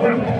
Thank you.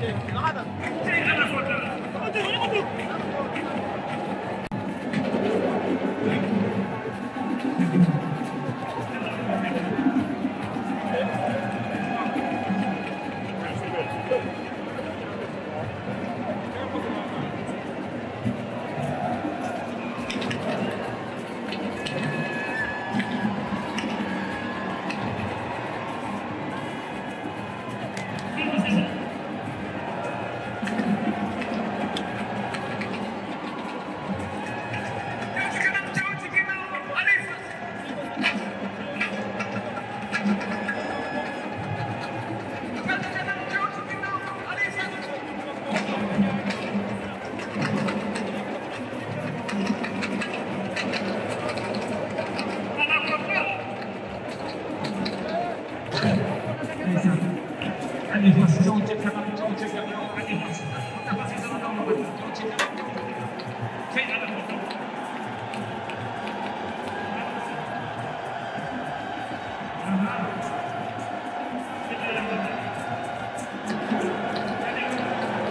Hadi.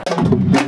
Thank you.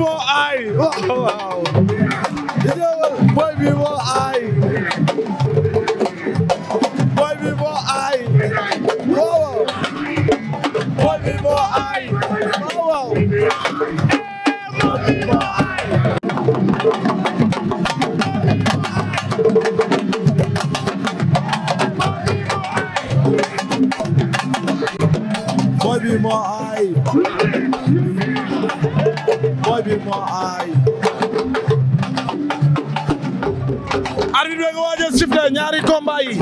moo aay waaw waaw boy bi moo aay boy bi moo aay waaw boy bi moo aay waaw moo aay arbitre bi nga waaj a sifflé ñaari combat yi